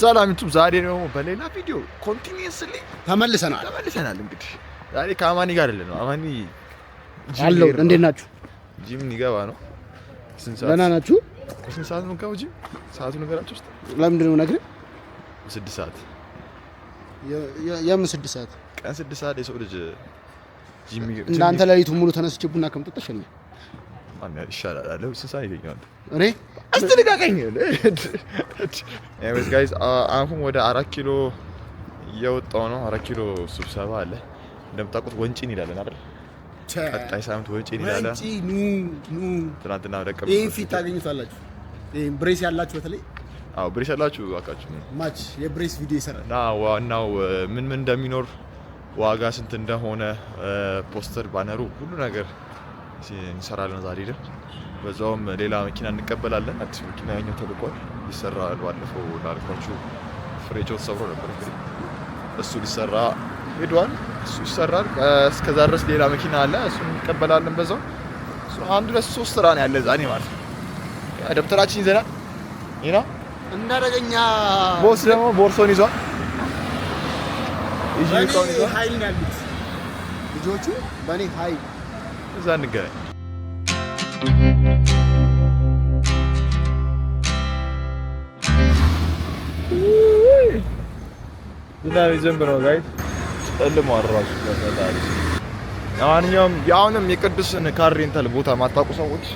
ሰላም ዩቱብ፣ ዛሬ ደግሞ በሌላ ቪዲዮ ኮንቲኒየስሊ ተመልሰናል ተመልሰናል። እንግዲህ ዛሬ ከአማኒ ጋር አይደለ ነው። አማኒ አለው። እንዴት ናችሁ? ጂም ሊገባ ነው። ደህና ናችሁ? ስንት ሰዓት ነው የምትገባው ጂም? ሰዓቱ ነገራችሁ ውስጥ ለምንድን ነው ነግሬ ስድስት ሰዓት የምን ስድስት ሰዓት ቀን ስድስት ሰዓት የሰው ልጅ ጂም ይገባ እናንተ ሌሊቱን ሙሉ ተነስቼ ቡና ከምጠጣሽ ነው አሁን ወደ አራት ኪሎ እየወጣሁ ነው። አራት ኪሎ ስብሰባ አለ እንደምታውቁት፣ ወንጪ እንሄዳለን አይደል? ቀጣይ ሳምንት ወንጪ እንሄዳለን። ትናንትና ወደ ቀብር ፊት ታገኙታላችሁ። ብሬስ ያላችሁ በተለይ አዎ፣ ብሬስ ያላችሁ እባካችሁ ማች የብሬስ ቪዲዮ ይሰራል። ዋናው ምን ምን እንደሚኖር ዋጋ ስንት እንደሆነ ፖስተር፣ ባነሩ ሁሉ ነገር እንሰራለን ዛሬ ደን በዛውም ሌላ መኪና እንቀበላለን። አዲስ መኪና ያኛው ተልቋል ይሰራል። ባለፈው ላልኳችሁ ፍሬጆ ተሰብሮ ነበር እንግዲህ እሱ ሊሰራ ሄዷል። እሱ ይሰራል። እስከዛ ድረስ ሌላ መኪና አለ፣ እሱ እንቀበላለን። በዛው አንድ ሁለት ሶስት ስራ ነው ያለ ዛኔ ማለት ነው። ደብተራችን ይዘናል። ይና እንዳደረገኛ ቦስ ደግሞ ቦርሶን ይዟል። ልጆቹ በእኔ ሀይል እዛ እንገናኝ። ዝናብ ዘንብ ነው ጋይ ጨልሟል። ራሱ በፈጣሪ ለማንኛውም የአሁንም የቅዱስን ካር ቦታ ማታውቁ ሰዎች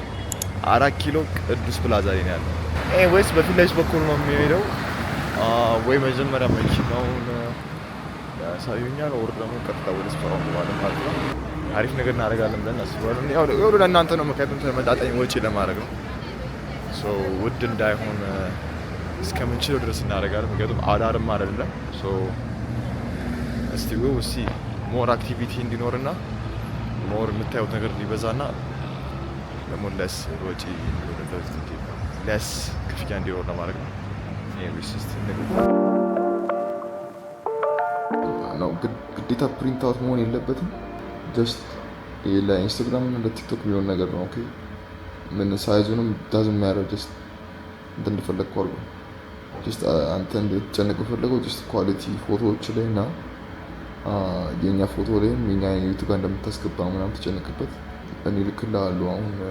አራት ኪሎ ቅዱስ ፕላዛ ላይ ነው ኤኒዌይስ በፊት ለፊት በኩል ነው የሚሄደው ወይ መጀመሪያ መኪናውን ያሳዩኛል፣ ወር ደግሞ ቀጥታ ወደ ስፍራው ማለት ነው። አሪፍ ነገር እናደርጋለን ብለን አስባለን። ያው ለእናንተ ነው፣ ምክንያቱም ተመጣጣኝ ወጪ ለማድረግ ነው። ሶ ውድ እንዳይሆን እስከምንችለው ድረስ እናደርጋለን። ምክንያቱም አዳርም አይደለም። ሶ እስቲ ውስ ሞር አክቲቪቲ እንዲኖርና ሞር የምታዩት ነገር እንዲበዛና ደግሞ ለስ ወጪ ለስ ክፍያ እንዲኖር ለማድረግ ነው። ግዴታ ፕሪንት አውት መሆን የለበትም። ጀስት ለኢንስታግራም እና ለቲክቶክ የሚሆን ነገር ነው። ኦኬ ምን ሳይዙንም ዳዝም የሚያደርግ ጀስት እንትን እንደፈለግ አድርጎ ጀስት uh, አንተ እንድትጨነቅ ፈለገው ጀስት ኳሊቲ ፎቶዎች ላይ እና uh, የእኛ ፎቶ ላይም የኛ ዩቱ ጋር እንደምታስገባ ምናምን ተጨነቅበት። እኔ ልክልሃለሁ አሁን uh,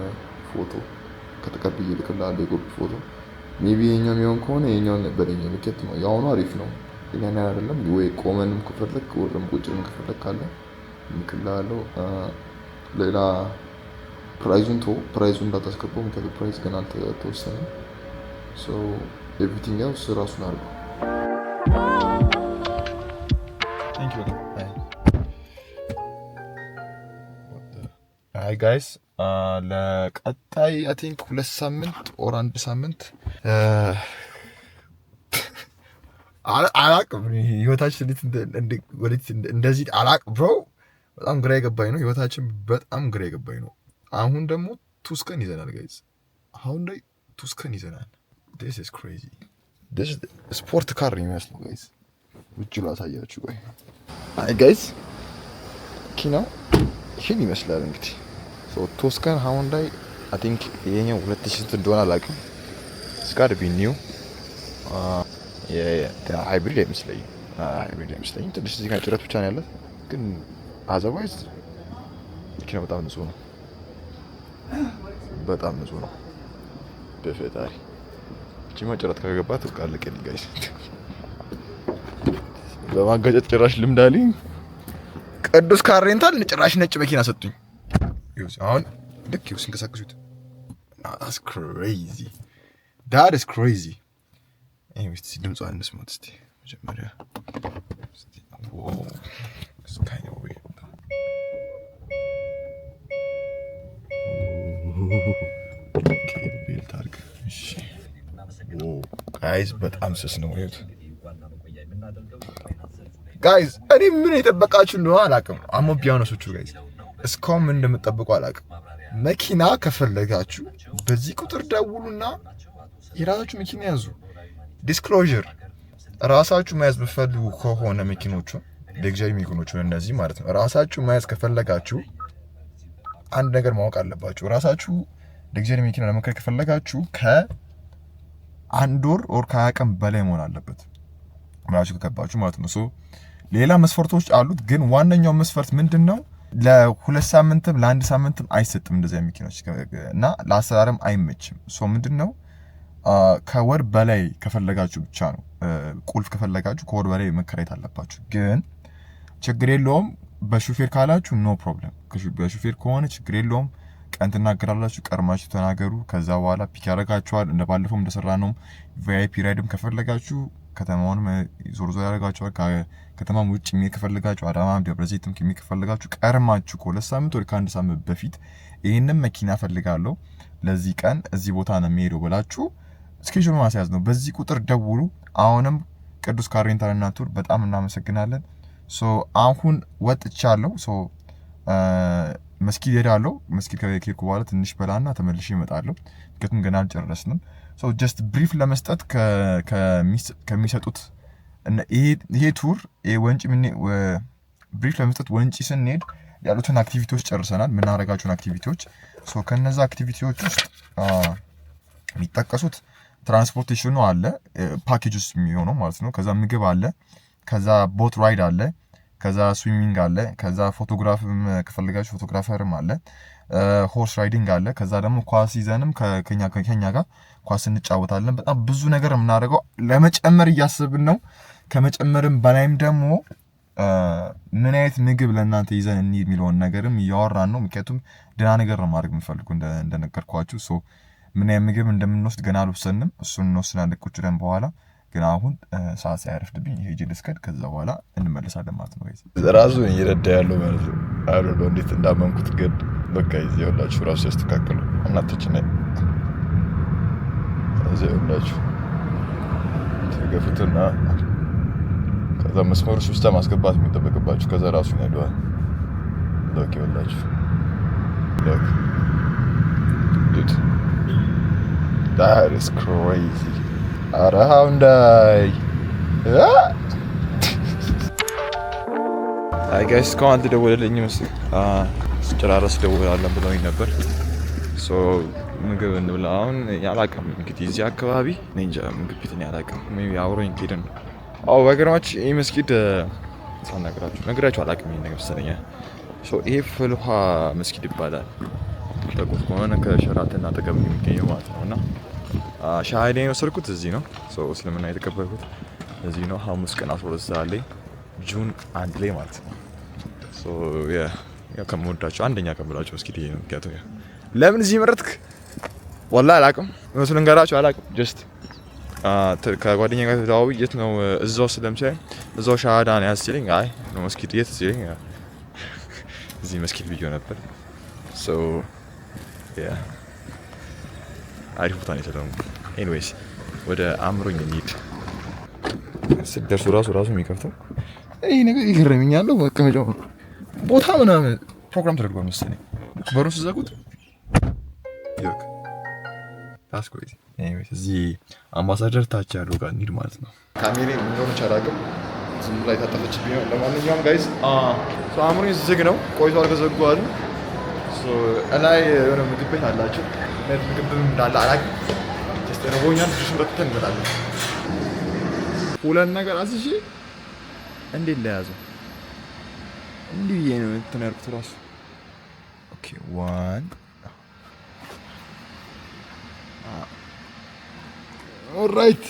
ፎቶ ከተቀብዬ ልክልሃለሁ የጎብ ፎቶ ሜይ ቢ የኛ የሚሆን ከሆነ የኛውን በደኛ ልኬት ነው። የአሁኑ አሪፍ ነው፣ የኛን አይደለም ወይ ቆመንም ከፈለግ ወርም ቁጭ ከፈለግ ካለ እልክልሃለሁ። ሌላ ፕራይዙን ቶ ፕራይዙን እንዳታስገባው፣ ምክንያቱ ፕራይዝ ገና አልተወሰነም። ኤቭሪቲንግ ያው ራሱን አርገ አይ ጋይስ ለቀጣይ አይ ሁለት ሳምንት ኦር አንድ ሳምንት አላቅም፣ ህይወታችን እንደዚህ አላቅ ብሮው በጣም ግራ የገባኝ ነው። ህይወታችን በጣም ግራ የገባኝ ነው። አሁን ደግሞ ቱስከን ይዘናል ጋይዝ፣ አሁን ላይ ቱስከን ይዘናል። ዲስ ኢዝ ክሬዚ። ዲስ ስፖርት ካር ነው የሚመስለው ጋይዝ። ውጭ ላሳያችሁ። ቆይ አይ ጋይዝ፣ ኪና ይህን ይመስላል እንግዲህ ቱስከን አሁን ላይ አይ ቲንክ ይሄኛው ሁለት ሺህ እንደሆነ አላውቅም። ስካድ ቢ ኒው ሃይብሪድ አይመስለኝም፣ ሃይብሪድ uh, አይመስለኝም። ትንሽ እዚህ ጋር ጭረት ብቻ ነው ያለት ግን አዘርዋይዝ መኪና በጣም ንጹህ ነው። በጣም ንጹህ ነው። በፈጣሪ ቺማ ጭራት ከገባ ትቃልቅ ልጋይስ በማጋጨት ጭራሽ ልምድ አለኝ። ቅዱስ ካሬንታል ጭራሽ ነጭ መኪና ሰጡኝ። አሁን ልክ ሲንቀሳቀሱት ክሬዚ ድምፅ አንስሞት ስ መጀመሪያ ጋይዝ በጣም ስስ ነው ይሁት ጋይዝ እኔ ምን የጠበቃችሁ እንደሆነ አላውቅም። አሞ ቢያነሶቹ ጋይዝ እስካሁን ምን እንደምጠብቁ አላውቅም። መኪና ከፈለጋችሁ በዚህ ቁጥር ደውሉና የራሳችሁ መኪና ያዙ። ዲስክሎዥር ራሳችሁ መያዝ ብፈልጉ ከሆነ መኪኖቹ ለግዛዊ መኪኖቹ እነዚህ ማለት ነው። ራሳችሁ መያዝ ከፈለጋችሁ አንድ ነገር ማወቅ አለባችሁ። ራሳችሁ ሉግዠሪ መኪና ለመክረ ከፈለጋችሁ ከአንድ ወር ኦር ከሀያ ቀን በላይ መሆን አለበት ብላችሁ ከገባችሁ ማለት ነው። ሶ ሌላ መስፈርቶች አሉት፣ ግን ዋነኛው መስፈርት ምንድን ነው? ለሁለት ሳምንትም ለአንድ ሳምንትም አይሰጥም እንደዚያ መኪናዎች እና ለአሰራርም አይመችም። ሶ ምንድን ነው ከወር በላይ ከፈለጋችሁ ብቻ ነው ቁልፍ ከፈለጋችሁ ከወር በላይ መከራየት አለባችሁ። ግን ችግር የለውም በሹፌር ካላችሁ ኖ ፕሮብለም፣ በሹፌር ከሆነ ችግር የለውም። ቀን ትናገራላችሁ፣ ቀርማችሁ ተናገሩ። ከዛ በኋላ ፒክ ያደርጋችኋል። እንደ ባለፈው እንደሰራ ነው። ቪአይፒ ራይድም ከፈለጋችሁ ከተማውን ዞር ዞር ያደርጋችኋል። ከተማም ውጭ የሚሄድ ከፈለጋችሁ አዳማ፣ ደብረዘይትም የሚሄድ ከፈለጋችሁ ቀርማችሁ ከሁለት ሳምንት ወደ ከአንድ ሳምንት በፊት ይህንም መኪና ፈልጋለሁ ለዚህ ቀን እዚህ ቦታ ነው የሚሄደው ብላችሁ እስኬጁል ማስያዝ ነው። በዚህ ቁጥር ደውሉ። አሁንም ቅዱስ ካር ሬንታልና ቱር በጣም እናመሰግናለን። አሁን ወጥቻለሁ። መስጊድ ሄዳለሁ። መስጊድ ከሄድኩ በኋላ ትንሽ በላና ተመልሼ እመጣለሁ። ምክንያቱም ገና አልጨረስንም። ጀስት ብሪፍ ለመስጠት ከሚሰጡት ይሄ ቱር ወንጪ ብሪፍ ለመስጠት ወንጭ ስንሄድ ያሉትን አክቲቪቲዎች ጨርሰናል። የምናደርጋቸውን አክቲቪቲዎች ከነዛ አክቲቪቲዎች ውስጥ የሚጠቀሱት ትራንስፖርቴሽኑ አለ ፓኬጅ ውስጥ የሚሆነው ማለት ነው። ከዛ ምግብ አለ፣ ከዛ ቦት ራይድ አለ ከዛ ስዊሚንግ አለ። ከዛ ፎቶግራፍ ከፈለጋችሁ ፎቶግራፈርም አለ። ሆርስ ራይዲንግ አለ። ከዛ ደግሞ ኳስ ይዘንም ከኛ ከኛ ጋር ኳስ እንጫወታለን። በጣም ብዙ ነገር የምናደርገው ለመጨመር እያስብን ነው። ከመጨመርም በላይም ደግሞ ምን አይነት ምግብ ለእናንተ ይዘን እንሂድ የሚለውን ነገርም እያወራን ነው። ምክንያቱም ደህና ነገር ነው ማድረግ የምንፈልጉ እንደነገርኳችሁ። ምን አይነት ምግብ እንደምንወስድ ገና አልወሰንም። እሱን እንወስናለን ቁጭ ብለን በኋላ ግን አሁን ሰዓት ሳያረፍድብኝ ጅል እስከድ ከዛ በኋላ እንመለሳለን ማለት ነው። ራሱ እየረዳ ያለው ማለት ነው። አይ እንዴት እንዳመንኩት ግን በቃ ይዜ ሁላችሁ ራሱ ያስተካከሉ እናቶች ላይ እዚ ሁላችሁ ተገፉትና ከዛ መስመሮች ውስጥ ማስገባት የሚጠበቅባችሁ ከዛ ራሱ ይሄደዋል። ሎክ ይወላችሁ ሎክ ሪስ ክሬዚ ኧረ ሀውንዳይ አይ ጋይስ እስካሁን አልተደወለልኝም። ስጨራረስ ደውላለን ብለውኝ ነበር። ምግብ እንብላ። አሁን አላውቅም እንግዲህ እዚህ አካባቢ እንጃ ምግብ ቤት እኔ አላውቅም። አብሮኝ ሄደ ነው። አዎ በገራዎች ይህ መስጊድ ሳናግራችሁ ነግራችሁ አላቅም። ይህ ነገር መሰለኛል። ይሄ ፈልሃ መስጊድ ይባላል። ጠቁት ከሆነ ከሸራተን አጠገብ የሚገኘው ማለት ነው እና ሻሃዳ የወሰድኩት እዚህ ነው። እስልምና የተቀበልኩት እዚህ ነው። ሐሙስ ቀን 12 ሰዓት ላይ ጁን አንድ ላይ ማለት ነው። ከምወዳቸው አንደኛ ከምላቸው እስኪ ምክንያቱ ለምን እዚህ መረጥክ? ወላ አላቅም። እውነቱን ልንገራችሁ አላቅም። ጀስት ከጓደኛ ጋር ተደዋውዬ የት ነው እዛው ስለምሳይ እዛው ሻሃዳ ነው ያዝ ሲለኝ አይ ነው መስጊድ የት ሲለኝ እዚህ መስጊድ ብዬ ነበር። አሪፍ ቦታ ነው የተለሙ ኤኒዌይስ ወደ አእምሮኝ እንሂድ። ስትደርሱ ራሱ ራሱ የሚከፍተው ይህ ነገር ይገርምኛል። መቀመጫው ቦታ ምናምን ፕሮግራም ተደርጓል መሰለኝ። በሩን ስዘጉት እዚህ አምባሳደር ታች ያለው ጋር እንሂድ ማለት ነው። ካሜሬ እንደሆነች አላውቅም ዝም ላይ የታጠፈችብኝ ነው። ለማንኛውም ጋይስ አእምሮኝ ዝግ ነው ቆይቶ አልተዘጓዋልም። እላይ የሆነ ምግብ ቤት አላቸው። ምግብም እንዳለ አላውቅም ውስጥ ርቦኛል። ሽን በትተን እንመጣለን። ሁለት ነገር አስሺ እንዴት ለያዘ እንዲህ ብዬ ነው እንትን ያልኩት ራሱ ኦኬ ዋን ኦራይት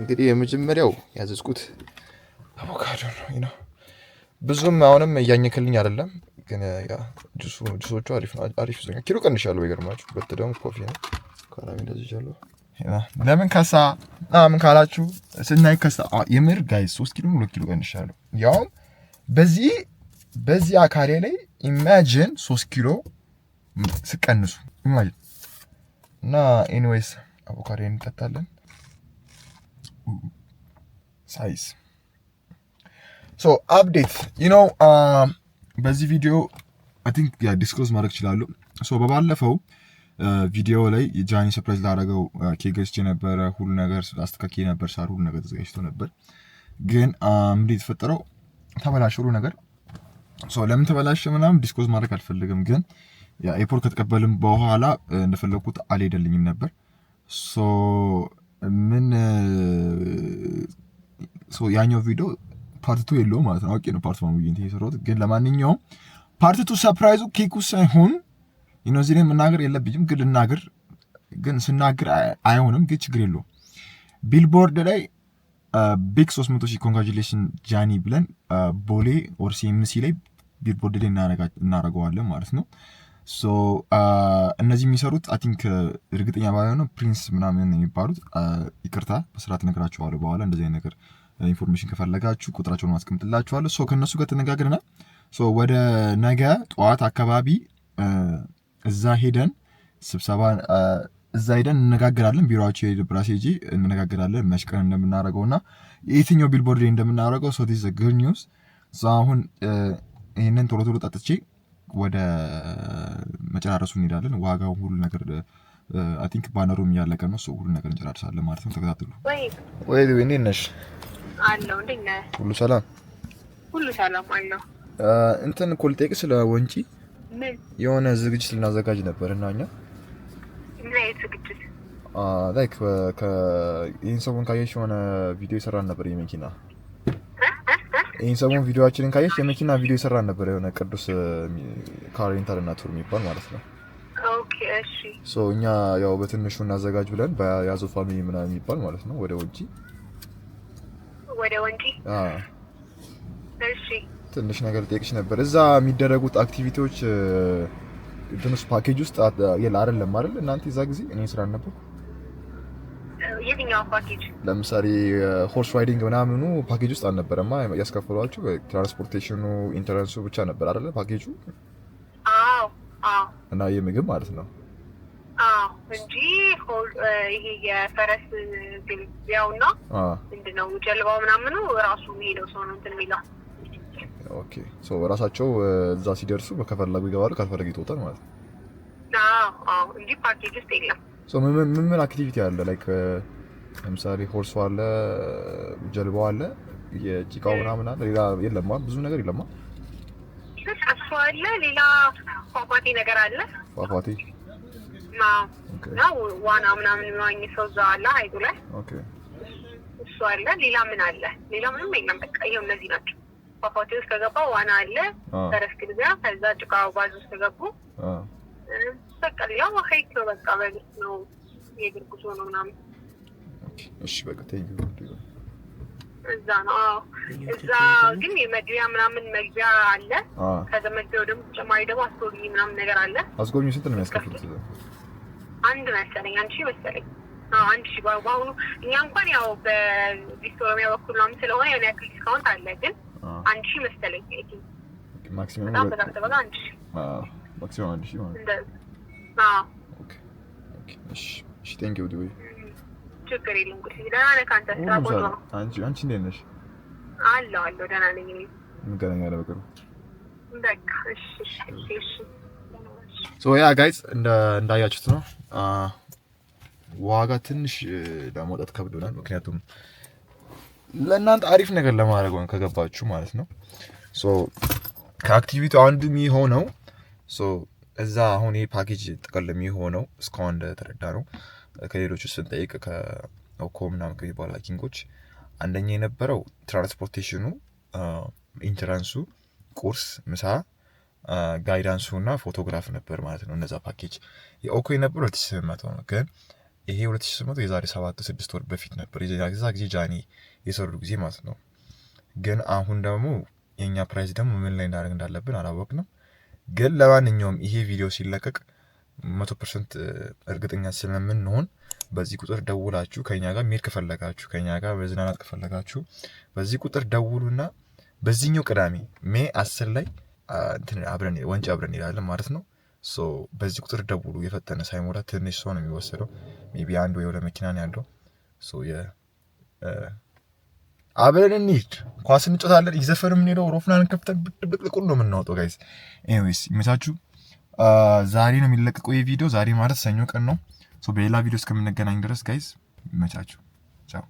እንግዲህ የመጀመሪያው ያዘዝኩት አቮካዶ ነው። ብዙም አሁንም እያኘክልኝ አይደለም። ግን ያ ጁሱ ጁሶቹ አሪፍ አሪፍ ይዞኛል። ኪሎ ቀንሻለሁ። ይገርማችሁ በተደውም ኮፊ ነው ካራሚ እንደዚህ ቻለሁ። ለምን ከሳ ምን ካላችሁ ስናይ ከሳ የምር ጋይ ሶስት ኪሎ ሁለት ኪሎ ቀንሻለሁ። ያውም በዚህ በዚህ አካሌ ላይ ኢማጂን ሶስት ኪሎ ስቀንሱ ኢማጂን እና ኤኒዌይስ አቮካዶ እንጠጣለን። ሳይዝ ሶ አፕዴት ዩ ኖ በዚህ ቪዲዮ አይ ቲንክ ዲስክሎዝ ማድረግ ይችላሉ። ሶ በባለፈው uh, ቪዲዮ ላይ ጃኒ ሰርፕራይዝ ላደረገው uh, ኬክ ገዝቼ ነበረ። ሁሉ ነገር አስተካክዬ ነበር። ሳር ሁሉ ነገር ተዘጋጅቶ ነበር። ግን um, ምንድን የተፈጠረው ተበላሽ ሁሉ ነገር። ሶ ለምን ተበላሽ ምናምን ዲስክሎዝ ማድረግ አልፈልግም። ግን ኤርፖርት ከተቀበልም በኋላ uh, እንደፈለግኩት አልሄደልኝም ነበር። ሶ ምን ያኛው ቪዲዮ ፓርት ቱ የለውም ማለት ነው። አውቄ ነው ፓርት ዋን ውይንት የሰራሁት። ግን ለማንኛውም ፓርት ቱ ሰርፕራይዙ ኬኩ ሳይሆን እነዚህ ላይ መናገር የለብኝም ግን ልናገር ግን ስናገር አይሆንም ግን ችግር የለውም። ቢልቦርድ ላይ ቢግ 300 ሺህ ኮንግራጁሌሽን ጃኒ ብለን ቦሌ ኦር ሲኤምሲ ላይ ቢልቦርድ ላይ እናደርገዋለን ማለት ነው። ሶ እነዚህ የሚሰሩት አይ ቲንክ እርግጠኛ ባልሆነ ፕሪንስ ምናምን የሚባሉት ይቅርታ በስርዓት ነግራቸዋለሁ በኋላ እንደዚህ ነገር ኢንፎርሜሽን ከፈለጋችሁ ቁጥራቸውን ማስቀምጥላችኋለሁ። ሶ ከእነሱ ጋር ተነጋግረናል። ሶ ወደ ነገ ጠዋት አካባቢ እዛ ሄደን ስብሰባ እዛ ሄደን እንነጋገራለን። ቢሮቸው የድብራሴ ጂ እንነጋገራለን መሽቀን እንደምናደርገው እና የትኛው ቢልቦርድ ላይ እንደምናደርገው ሶ ቲዝ ግድ ኒውስ። አሁን ይህንን ቶሎ ቶሎ ጠጥቼ ወደ መጨራረሱ እንሄዳለን። ዋጋው ሁሉ ነገር አይ ቲንክ ባነሩም እያለቀ ነው። ሁሉ ነገር እንጨራርሳለን ማለት ነው። ተከታትሉ ወይ ወይ። እንዴት ነሽ? አለው እንዴት ነህ? ሁሉ ሰላም ሁሉ ሰላም አለው። እንትን እኮ ልጠይቅህ ስለ ወንጪ ምን የሆነ ዝግጅት ልናዘጋጅ ነበር እና እኛ ምን አይነት ዝግጅት? ላይክ ይህን ሰሞን ካየሽ የሆነ ቪዲዮ የሰራን ነበር የመኪና ይህን ሰሞን ቪዲዮችንን ካየሽ የመኪና ቪዲዮ የሰራን ነበር የሆነ ቅዱስ ካሬንታል እና ቱር የሚባል ማለት ነው። እኛ ያው በትንሹ እናዘጋጅ ብለን በያዞ ፋሚሊ ምናምን የሚባል ማለት ነው ወደ ወንጪ ወደ ትንሽ ነገር ጠይቅሽ ነበር። እዛ የሚደረጉት አክቲቪቲዎች ትንሽ ፓኬጅ ውስጥ የለ አይደለም አይደል? እናንተ እዛ ጊዜ እኔ ስራ ነበር። የትኛው ፓኬጅ? ለምሳሌ ሆርስ ራይዲንግ ምናምኑ ፓኬጅ ውስጥ አልነበረማ ያስከፍሏችሁ። ትራንስፖርቴሽኑ፣ ኢንተረንሱ ብቻ ነበር አይደለ ፓኬጁ? አዎ አዎ። እና የምግብ ማለት ነው? አዎ እንጂ ይሄ የፈረስ ግልቢያው ጀልባው ምናምኑ ራሱ ሄደው ሰው ነው እንትን የሚለው ራሳቸው እዛ ሲደርሱ ከፈለጉ ይገባሉ፣ ካልፈለጉ ይተውታል ማለት ነው። እንጂ ፓኬጅ ውስጥ የለም። ምን ምን አክቲቪቲ አለ? ላይክ ለምሳሌ ሆርሶ አለ፣ ጀልባው አለ፣ የጭቃው ምናምን አለ። ሌላ የለማ፣ ብዙ ነገር የለማ። እሱ አለ። ሌላ ፏፏቴ ነገር አለ። ፏፏቴ ና ዋና ምናምን የሚዋኝ ሰው እዛ አለ ሀይቁ ላይ እሱ አለ። ሌላ ምን አለ? ሌላ ምንም የለም። በቃ ይኸው እነዚህ ናቸው። ፏፏቴ ውስጥ ከገባ ዋና አለ፣ ተረፍ ግልቢያ፣ ከዛ ጭቃ ባዝ ውስጥ ከገቡ በቃ ሌላ ሀይቅ ነው። በቃ በግስ ነው የእግር ጉዞ ነው ምናምን። እሺ በቃ ተይዩ እዛ ነው። እዛ ግን የመግቢያ ምናምን መግቢያ አለ። ከዛ መግቢያው ደግሞ ተጨማሪ ደግሞ አስጎብኝ ምናምን ነገር አለ። አስጎብኝ ስንት ነው የሚያስከፍሉት? አንድ መሰለኝ አንድ ሺህ መሰለኝ አንድ ሺህ በአሁኑ እኛ እንኳን ያው በቪክቶሪያ በኩል ናም ስለሆነ የሆነ ያክል ዲስካውንት አለ፣ ግን አንድ ሺህ መሰለኝ ማክሲመም አንድ ሺህ ማክሲመም አንድ ሺህ ማለት እሺ። ቴንክ ዩ ዲዌ ችግር የለም እንግዲህ ደህና ነህ ከአንተ ስራ ቆንጆ ነው። አንቺ እንዴት ነሽ? አለሁ አለሁ ደህና ነኝ። እንገናኛለን በቅርቡ በቃ እሺ እሺ እሺ ሶ ያ ጋይዝ እንዳያችሁት ነው። ዋጋ ትንሽ ለመውጣት ከብዶናል። ምክንያቱም ለእናንተ አሪፍ ነገር ለማድረግ ከገባችሁ ማለት ነው። ሶ ከአክቲቪቲው አንዱ የሚሆነው ሶ እዛ አሁን ይሄ ፓኬጅ ጥቅል የሚሆነው እስካሁን እንደተረዳ ነው። ከሌሎቹ ስንጠይቅ ከኮ ምናምን ከሚባሉ ሀኪንጎች አንደኛ የነበረው ትራንስፖርቴሽኑ፣ ኢንሹራንሱ፣ ቁርስ፣ ምሳ ጋይዳንሱ እና ፎቶግራፍ ነበር ማለት ነው። እነዛ ፓኬጅ የኦኮ ነበር 2800 ነው። ግን ይሄ 2800 የዛሬ 7 6 ወር በፊት ነበር የዛ ጊዜ ጃኒ የሰሩ ጊዜ ማለት ነው። ግን አሁን ደግሞ የእኛ ፕራይስ ደግሞ ምን ላይ እንዳደረግ እንዳለብን አላወቅንም። ግን ለማንኛውም ይሄ ቪዲዮ ሲለቀቅ መቶ ፐርሰንት እርግጠኛ ስለምንሆን በዚህ ቁጥር ደውላችሁ ከኛ ጋር ሜድ ከፈለጋችሁ ከኛ ጋር መዝናናት ከፈለጋችሁ በዚህ ቁጥር ደውሉና በዚህኛው ቅዳሜ ሜ አስር ላይ አብረን ወንጭ አብረን እንሄዳለን ማለት ነው። ሶ በዚህ ቁጥር ደውሉ። የፈጠነ ሳይሞላ ትንሽ ሰው ነው የሚወሰደው። ቢ አንድ ወይ ሁለት መኪና ነው ያለው። ሶ አብረን እንሂድ፣ ኳስ እንጮታለን፣ ይዘፈን የምንሄደው ሮፍናን ከፍተን ብድብቅልቁን ነው የምናወጣው ጋይዝ ኤኒዌይስ ይመቻችሁ። ዛሬ ነው የሚለቀቀው የቪዲዮ ዛሬ ማለት ሰኞ ቀን ነው። ሶ በሌላ ቪዲዮ እስከምንገናኝ ድረስ ጋይዝ ይመቻችሁ። ቻው